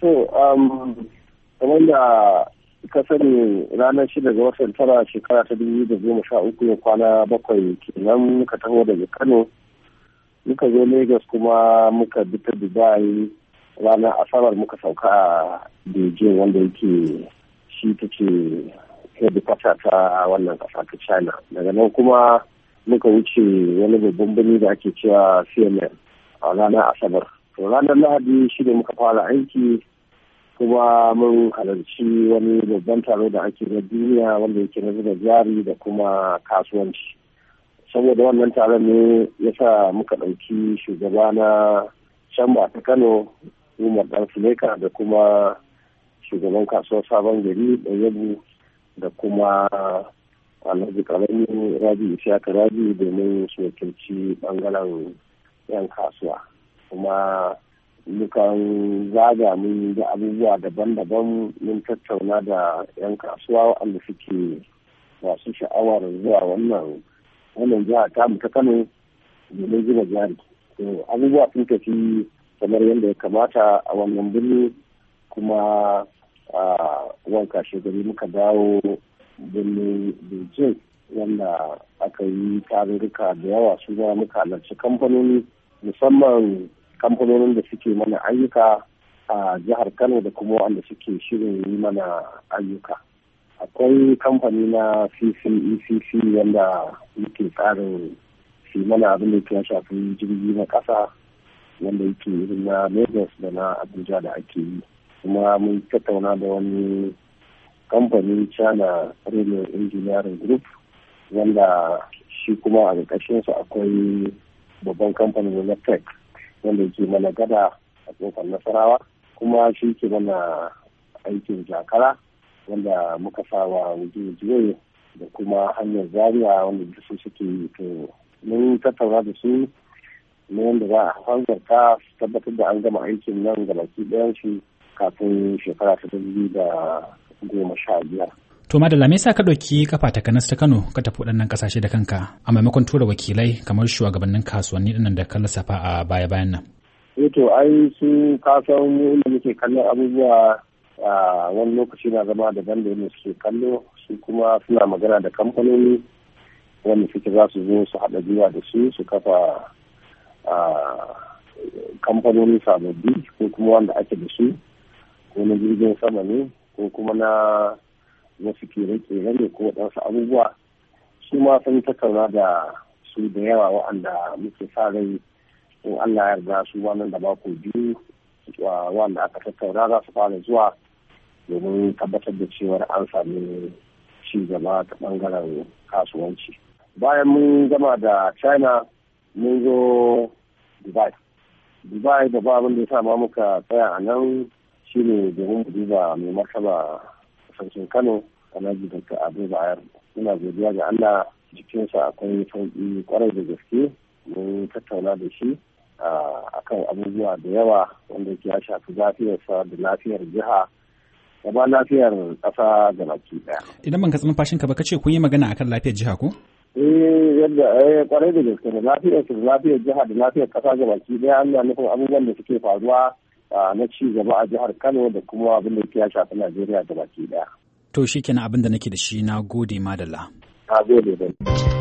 so um, kamar da ka sani ranar shida ga watan tara shekara ta dubu da goma sha uku ya kwana bakwai kenan muka taho daga Kano. Muka zo Lagos kuma muka bi ta Dubai ranar asabar muka sauka a Beijing wanda yake shi ta ce headquarter ta wannan kasa ta China. Daga nan kuma muka wuce wani babban birni da ake cewa CNN a ranar asabar. ranar lahadi shida muka fara aiki kuma mun halarci wani babban taro da ake na duniya wanda yake na zuba jari da kuma kasuwanci saboda wannan taron ne ya sa muka ɗauki shugaba na shamba ta kano umar dan fuleka da kuma shugaban kasuwar sabon gari da yabu da kuma alhaji karami rabi ka rabi domin su wakilci bangaren yan kasuwa kuma mukan zaga mun da abubuwa daban-daban mun tattauna da 'yan kasuwa wanda suke masu sha'awar zuwa wannan wannan jiha ta mu ta kano domin zuba jari to abubuwa sun tafi kamar yadda ya kamata a wannan birni kuma a wanka shekaru muka dawo birnin beijing wanda aka yi tarurruka da yawa su zama muka halarci kamfanoni musamman kamfanonin da suke mana ayyuka a jihar kano da kuma wanda suke shirin yi mana ayyuka akwai kamfani na ccecc e wanda yake tsarin fi mana abin da ya shafi jirgi na ƙasa wanda yake irin na lagos da na abuja da ake yi kuma mun tattauna da wani kamfani china radio engineering group wanda shi kuma a su akwai babban kamfanin na tech wanda ke mana gada a tsofar nasarawa kuma shi ke mana aikin jakara wanda muka sa wa wujewa da kuma hanyar zaria wanda duk suke yi to mun tattauna da su na yadda za a hanzarta su tabbatar da an gama aikin nan ga baki ɗayan shi kafin shekara ta dubu da goma sha biyar To da me yasa ka ɗauki kafa ta kanas ta Kano ka tafi waɗannan ƙasashe da kanka a maimakon tura wakilai kamar shugabannin kasuwanni ɗinnan da ka lissafa a baya-bayan nan? Eh to ai su kasan wani inda muke kallon abubuwa a wani lokaci na zama daban da wani suke kallo su kuma suna magana da kamfanoni wanda suke za su zo su haɗa gwiwa da su su kafa kamfanoni sababbi ko kuma wanda ake da su ko na jirgin sama ne ko kuma na wasu suke rike ne ko wadansu abubuwa su ma sun tattauna da su da yawa waɗanda muke sa rai in Allah ya yarda su wannan da mako biyu waɗanda aka tattauna za su fara zuwa domin tabbatar da cewa an sami ci gaba ta bangaren kasuwanci. Bayan mun gama da China mun zo Dubai. Dubai da ba abin da ya sa ma muka tsaya a nan shine domin mu duba mai martaba sarkin kano alhaji dr abu bayar muna godiya ga allah jikinsa akwai sauki kwarai da gaske mun tattauna da shi a kan abubuwa da yawa wanda ya shafi lafiyarsa da lafiyar jiha da ba lafiyar ƙasa ga baki daya Idan ban ka fashin ka ba ka ce kun yi magana akan lafiyar jiha ko? Eh yadda eh kwarai da gaske da lafiyar da lafiyar jiha da lafiyar ƙasa ga baki daya an nufin abubuwan da suke faruwa Ah, na ci gaba a jihar Kano da kuma abin da ya shafi Najeriya da baki daya. To shi kenan abin da nake da shi na gode madalla. Na gode